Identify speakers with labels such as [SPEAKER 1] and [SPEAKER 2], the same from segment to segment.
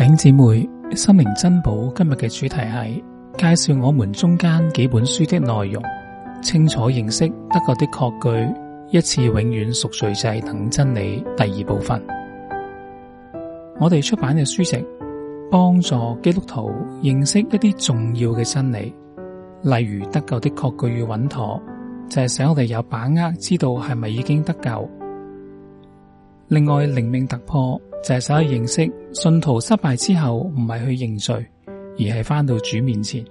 [SPEAKER 1] 弟兄姊妹，心靈珍寶今日嘅主題係介紹我們中間幾本書的內容，清楚認識得救的確據，一次永遠贖罪祭等真理。第二部分，我哋出版嘅書籍幫助基督徒認識一啲重要嘅真理，例如得救的確據要穩妥，就係、是、使我哋有把握知道係咪已經得救。另外，靈命突破。就係首先認識信徒失敗之後唔係去認罪，而係翻到主面前，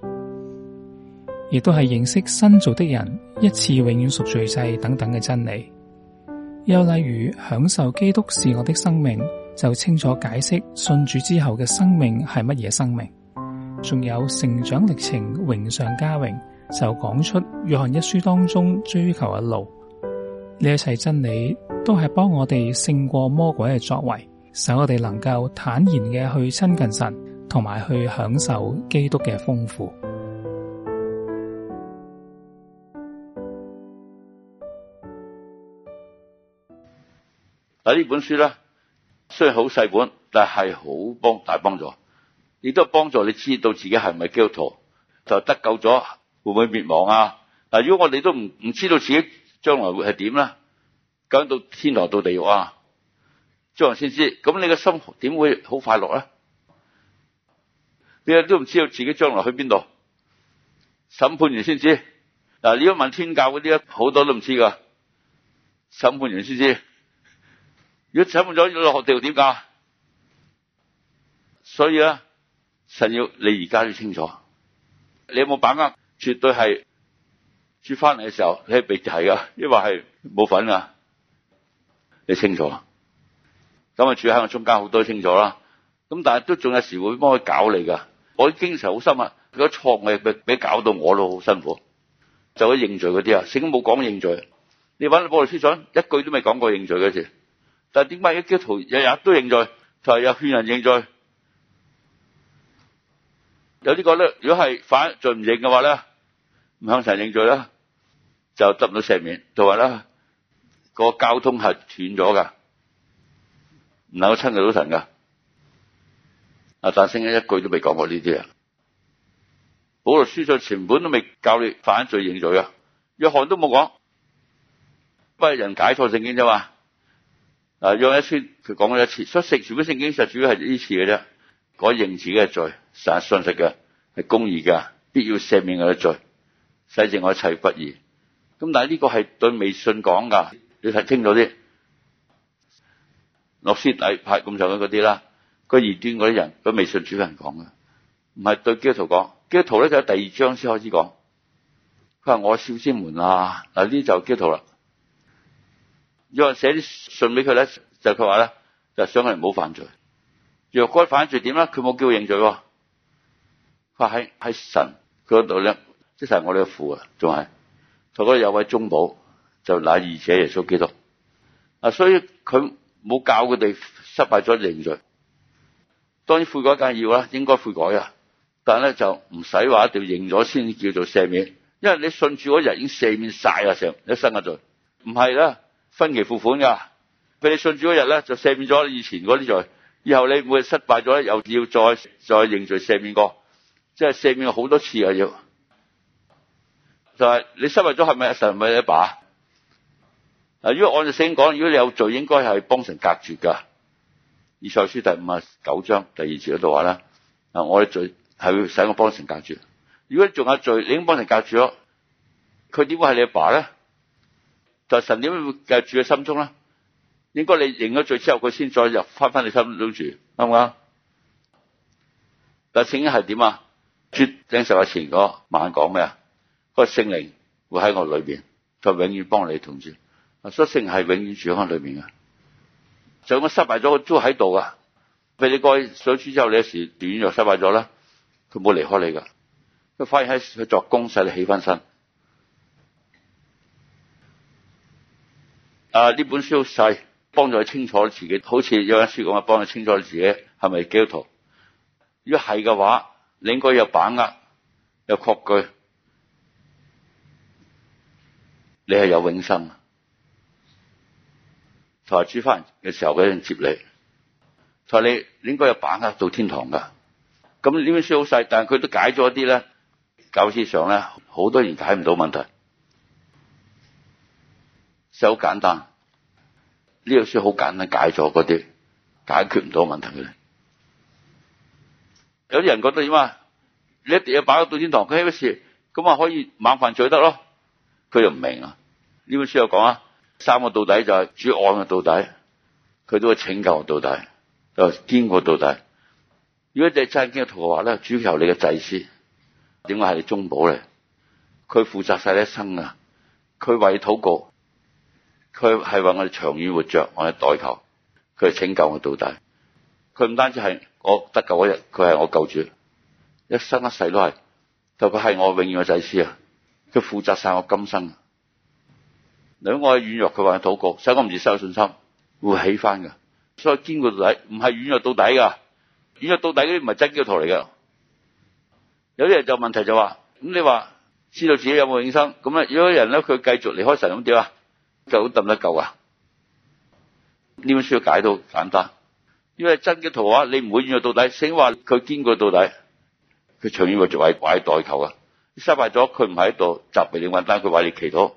[SPEAKER 1] 亦都係認識新造的人一次永遠贖罪祭等等嘅真理。又例如享受基督是我的生命，就清楚解釋信主之後嘅生命係乜嘢生命。仲有成長歷程、榮上加榮，就講出約翰一書當中追求嘅路。呢一切真理都係幫我哋勝過魔鬼嘅作為。使我哋能夠坦然嘅去親近神，同埋去享受基督嘅豐富。
[SPEAKER 2] 嗱，呢本書咧，雖然好細本，但係好幫大幫助。亦都幫助你知道自己係唔係基督徒，就得救咗會唔會滅亡啊？嗱，如果我哋都唔唔知道自己將來會係點咧，究竟到天堂到地獄啊？將來先知，咁你嘅心點會好快樂呢？你都唔知道自己將來去邊度？審判員先知，嗱，如果問天教嗰啲，好多都唔知噶。審判員先知，如果審判咗要落地點噶？所以咧，神要你而家要清楚，你有冇把握？絕對係，住翻嚟嘅時候，你係被提噶，因為係冇份㗎，你清楚？咁啊，處喺我中間好多清楚啦。咁但係都仲有時會幫佢搞你噶。我經常好深啊，如果錯我俾俾搞到我都好辛苦。就會認罪嗰啲啊，成日冇講認罪。你搵我嚟思想一句都未講過認罪嗰時。但係點解一叫逃日日都認罪？就係有勸人認罪。有啲覺得如果係反罪唔認嘅話咧，唔肯陳認罪咧，就得唔到赦免。就話咧，個交通係斷咗㗎。唔能夠親近到神噶，阿但聖一句都未講過呢啲啊，保羅書信全本都未教你犯罪認罪啊，約翰都冇講，不係人解錯聖經咋嘛？啊，約一宣佢講咗一次，所以食全部聖經實主要係呢次嘅啫，改認自己嘅罪，常常信信實嘅係公義嘅，必要赦免我嘅罪，洗淨我一切不義。咁但係呢個係對未信講噶，你睇清楚啲。諾斯底派咁上嘅嗰啲啦，佢異端嗰啲人，佢未信主的人講嘅，唔係對基督徒講。基督徒咧就喺第二章先開始講。佢話，我小子們啊，嗱，呢就是基督徒啦。人寫啲信俾佢咧，就佢話咧就是，想唔好犯罪，若該犯罪點咧？佢冇叫佢認罪。哦，佢喺喺神嗰度咧，即係我哋嘅父啊，仲係同我有位中保，就乃義者耶穌基督啊，所以佢。冇教佢哋失敗咗認罪，當然悔改梗係要啦，應該悔改啊。但係咧就唔使話一定要認咗先叫做赦免，因為你信主嗰日已經赦免曬啊，成一生嘅罪。唔係啦，分期付款㗎，俾你信主嗰日咧就赦免咗以前嗰啲罪，以後你會失敗咗又要再再認罪赦免過，即係赦免好多次啊要。就係、是、你失敗咗係咪神唔係阿爸？嗱，如果按照聖經講，如果你有罪，應該係幫神隔絕噶。以賽書第五十九章第二節嗰度話啦，我嘅罪係會使我幫神隔絕。如果你仲有罪，你已經幫神隔絕咗，佢點會係你阿爸咧？就神點解會隔住喺心中咧？應該你認咗罪之後，佢先再入翻翻你心中住，啱唔啱？但聖經係點啊？絕正受日前嗰晚講咩啊？嗰、那個聖靈會喺我裏邊，就永遠幫你同住。率性係永遠住喺裏面嘅，就咁失敗咗，都喺度啊。譬如你過去上書之後，你有時短咗，失敗咗啦，佢冇離開你噶，佢反而喺佢作工，使你起翻身。啊，呢本書是好細，幫助你清楚你自己。好似有本書講，幫助你清楚你自己係咪基督徒？如果係嘅話，你應該有把握，有確據，你係有永生的。佢話：轉翻嘅時候俾人接你。佢話你應該要把握到天堂㗎。咁呢本書好細，但係佢都解咗啲咧。教會上咧，好多人睇唔到問題。就好簡單，呢本書好簡單解了那些，解咗嗰啲解決唔到問題嘅。有啲人覺得點啊？你一定要把握到天堂。佢有乜事？咁啊可以晚飯醉得咯。佢就唔明啊。呢本書有講啊。三個到底就係主愛嘅到底，佢都會拯救我到底，就係堅固到底。如果你真的經嘅話咧，主求你嘅祭司，點解係你中保咧？佢負責晒你一生啊！佢為你禱告，佢係為我哋長遠活着，我哋代求，佢係拯救我的到底。佢唔單止係我得救嗰日，佢係我救主，一生一世都係。就佢係我永遠嘅祭司啊！佢負責晒我今生。兩個係軟弱，佢話去禱告，使我唔至失去信心，會起翻噶。所以堅固到底，唔係軟弱到底噶。軟弱到底嗰啲唔係真基督徒嚟噶。有啲人就問題就話，咁你話知道自己有冇信心？咁咧，有啲人咧佢繼續離開神咁點啊？救都得救啊？呢本書解到簡單，因為真基督徒的話你唔會軟弱到底，醒話佢堅固到底，佢長遠嘅作為，掛喺代求啊。失敗咗，佢唔喺度，就俾你揾單，佢話你祈禱。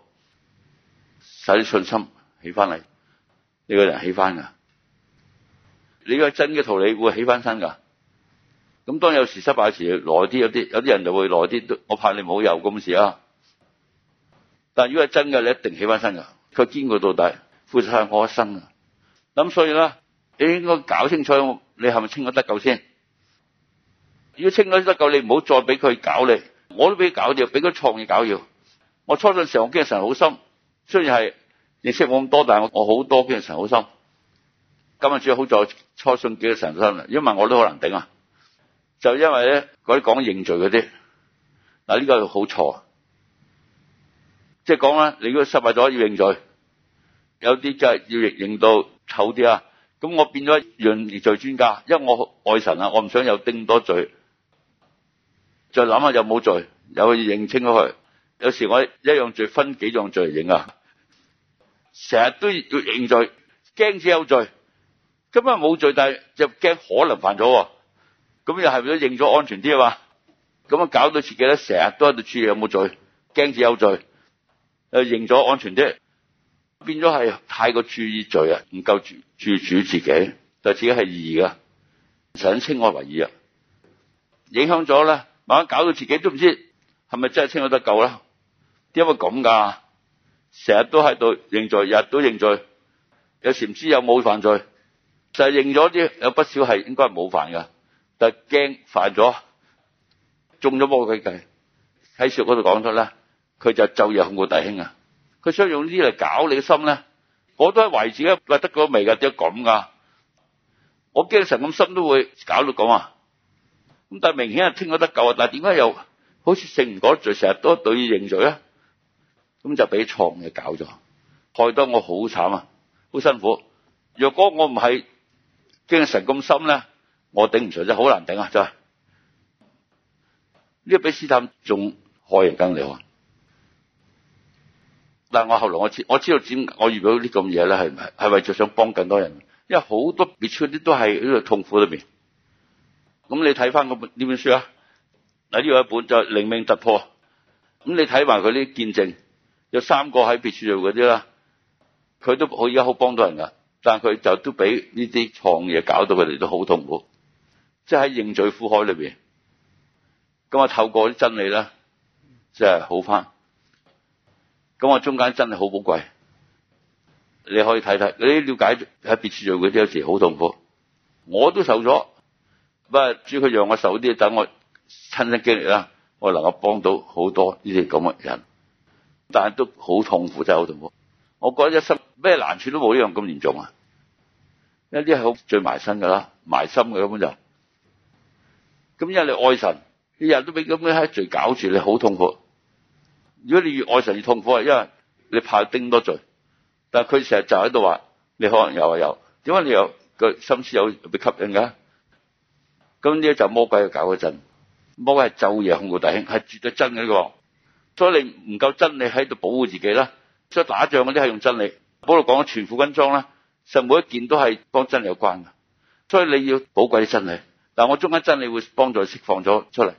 [SPEAKER 2] 使啲信心起翻嚟，呢個人起翻噶。你個真嘅徒，你會起翻身噶。咁當有時失敗時，時，耐啲有啲有啲人就會耐啲。我怕你唔好有咁事啊。但如果係真嘅，你一定起翻身噶。佢堅持到底，負責係我一生啊。咁所以咧，你應該搞清楚，你係咪清咗得救先？如果清咗得救，你唔好再俾佢搞你。我都俾佢搞要，俾佢創意搞要。我初陣時候，我經常好心。雖然係認識我咁多，但係我我好多嘅神好心。今日主要好在初信幾多神心，因為我都好難頂啊。就因為咧嗰啲講認罪嗰啲，嗱，呢個好錯。即係講咧，你如果失敗咗要認罪，有啲真係要認認到醜啲啊。咁我變咗認認罪專家，因為我愛神啊，我唔想有定多罪。再諗下有冇罪，有去認清咗佢。有時我一樣罪分幾樣罪嚟認啊。成日都要認罪，驚住有罪，今日冇罪，但係就驚可能犯咗，咁又係咪都認咗安全啲啊？嘛，咁啊搞到自己咧成日都喺度注意有冇罪，驚住有罪，又認咗安全啲，變咗係太過注意罪啊，唔夠注意主自己，但自己係義嘅，想稱我為義啊，影響咗咧，慢慢搞到自己都唔知係咪真係稱我得夠啦，點解會咁噶。成日都喺度認罪，日日都認罪。又唔知有冇犯罪？就係認咗啲，有不少係應該係冇犯噶，但驚犯咗中咗魔鬼計。喺説嗰度講出啦，佢就晝夜控告弟兄啊。佢想用呢啲嚟搞你嘅心咧。我都係為自己，咪得個味㗎，點解咁㗎。我驚成個心都會搞到咁啊。咁但係明顯係聽講得救啊。但係點解又好似承唔過罪，成日都喺度認罪咧？咁就俾錯誤嘅搞咗，害得我好慘啊，好辛苦。若果我唔係精神咁深咧，我頂唔順啫，好難頂啊！係呢、這個比斯坦仲害人更厲害。但係我後來我知我知道點，我遇到啲咁嘢咧，係唔係？係咪就想幫更多人？因為好多別出啲都係喺度痛苦裏面。咁你睇翻個本呢本書啊，嗱呢個一本就係靈命突破。咁你睇埋佢啲見證。有三個喺別處做嗰啲啦，佢都好而家好幫到人㗎，但係佢就都俾呢啲創嘢搞到佢哋都好痛苦，即係喺認罪苦海裏邊。咁啊，透過啲真理啦，即係好返。咁我中間真理好寶貴，你可以睇睇。你了解喺別處做嗰啲，有時好痛苦，我都受咗。不過，主要佢讓我受啲，等我親身經歷啦，我能夠幫到好多呢啲咁嘅人。但係都好痛苦，真係好痛苦。我覺得一生咩難處都冇一樣咁嚴重啊！一啲係好最埋身噶啦，埋心嘅根本就咁。因為你愛神，你日日都俾咁嘅罪搞住，你好痛苦。如果你越愛神越痛苦，因為你怕頂多罪。但係佢成日就喺度話：你可能有啊有，點解你有個心思有，有被吸引㗎。咁呢就魔鬼嘅搞嗰陣，魔鬼係晝夜控告弟兄，係絕對真嘅呢個。所以你唔夠真理喺度保護自己啦。所以打仗嗰啲係用真理。保羅講咗全副軍裝啦，實每一件都係幫真理有關噶。所以你要寶貴啲真理。但我中間真理會幫助釋放咗出嚟。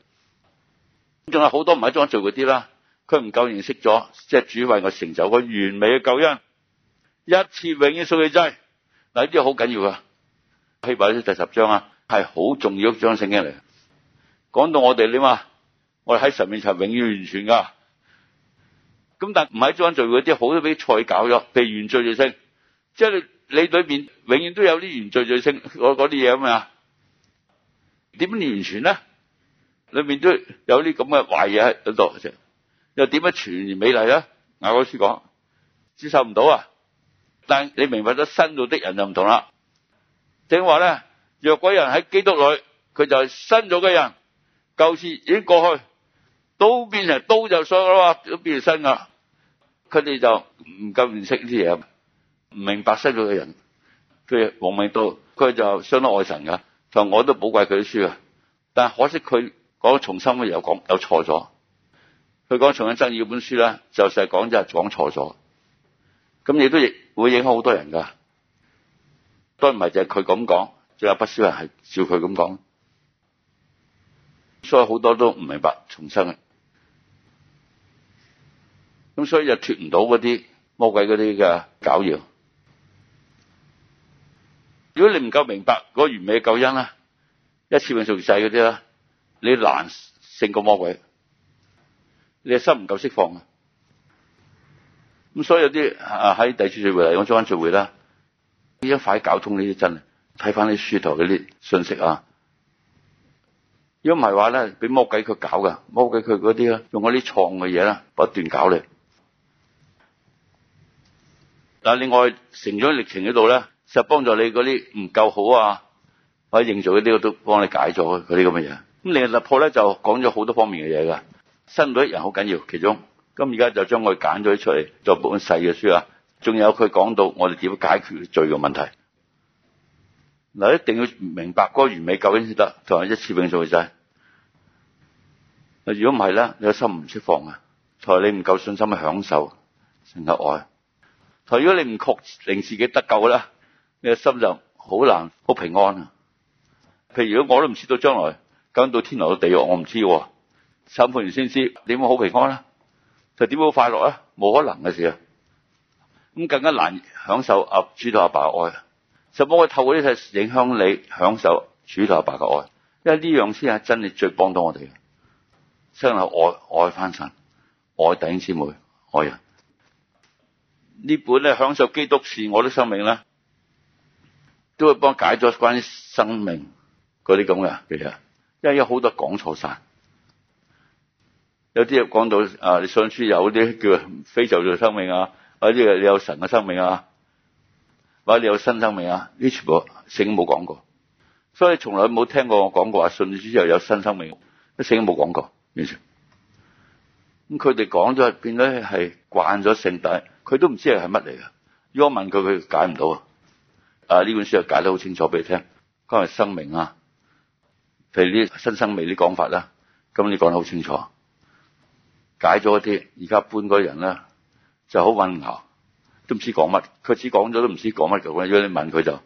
[SPEAKER 2] 仲有好多唔係中做嗰啲啦，佢唔夠認識咗，即係主為我成就個完美嘅救恩，一次永遠贖罪祭。嗱，呢啲好緊要噶。希伯來書第十章啊，係好重要一章聖經嚟。講到我哋點啊？我哋喺神面前永遠完全噶。咁但唔喺莊聚會啲好多畀菜搞咗，譬如原罪罪性。即係你裏面永遠都有啲原罪罪性，嗰嗰啲嘢咁啊？點完全咧？裏面都有啲咁嘅壞嘢喺度，就又點樣全然美麗咧？雅歌書講接受唔到啊！但你明白咗新造的人就唔同啦。正話咧，若果有人喺基督裏，佢就係新造嘅人，舊事已經過去，都變成刀就衰啦嘛，都變咗新噶佢哋就唔夠認識呢啲嘢，唔明白識到嘅人，譬如王明道，佢就相當愛神噶，所以我都寶貴佢啲書啊。但可惜佢講重生嘅又講有錯咗，佢講重生真義本書咧就成日講就係講錯咗，咁亦都亦會影響好多人噶。都唔係就係佢咁講，仲有不少人係照佢咁講，所以好多都唔明白重生啊。咁所以就脫唔到嗰啲魔鬼嗰啲嘅搞妖。如果你唔夠明白嗰、嗰個、完美救恩啦，一次永遠贖罪祭嗰啲啦，你難勝過魔鬼。你心唔夠釋放啊！咁所以有啲喺弟兄聚會嚟講，我中間聚會啦，一塊搞通呢啲真，睇翻啲書台嗰啲信息啊。如果唔係話咧，俾魔鬼佢搞㗎，魔鬼佢嗰啲啊，用嗰啲創嘅嘢啦，不斷搞你。嗱，另外成長歷程嗰度咧，就幫助你嗰啲唔夠好啊，或者認罪嗰啲都幫你解咗嗰啲咁嘅嘢。咁你一突破咧就講咗好多方面嘅嘢噶，新到人好緊要，其中咁而家就將佢揀咗出嚟做本細嘅書啊。仲有佢講到我哋點樣解決罪嘅問題。嗱，一定要明白嗰完美究竟先得，同埋一次永遠嘅贖罪祭。如果唔係咧，你個心唔釋放啊，同你唔夠信心去享受成個愛。如果你唔確定自己得救咧，你個心就好難好平安啊！譬如如果我都唔知道將來究竟到天堂到地獄，我唔知審判完先知，你會好平安咧？就點會快樂咧？冇可能嘅事啊！咁更加難享受阿主道阿爸嘅愛，就幫我透過呢啲嘢影響你享受主道阿爸嘅愛，因為呢樣先係真係最幫到我哋，嘅。真係愛愛翻神、愛弟兄姊妹、愛人。呢本咧享受基督是，我啲生命呢都會幫解咗關於生命嗰啲咁嘅其實，因為有好多講錯晒，有啲又講到啊，你信主有啲叫非就做生命啊，或者你有神嘅生命啊，或者你有新生命啊，呢全部聖經冇講過，所以從來冇聽過我講過話信主之後有新生命，聖經冇講過，完全。咁佢哋講咗變咗係慣咗聖體。佢都唔知係乜嚟嘅。如果問佢，佢解唔到啊！呢本書就解得好清楚俾你聽，關於生命啊，譬如啲新生命啲講法啦，咁你講得好清楚，解咗一啲，而家搬般嗰人咧就好混淆，都唔知講乜，佢只講咗都唔知講乜嘅，如果你問佢就。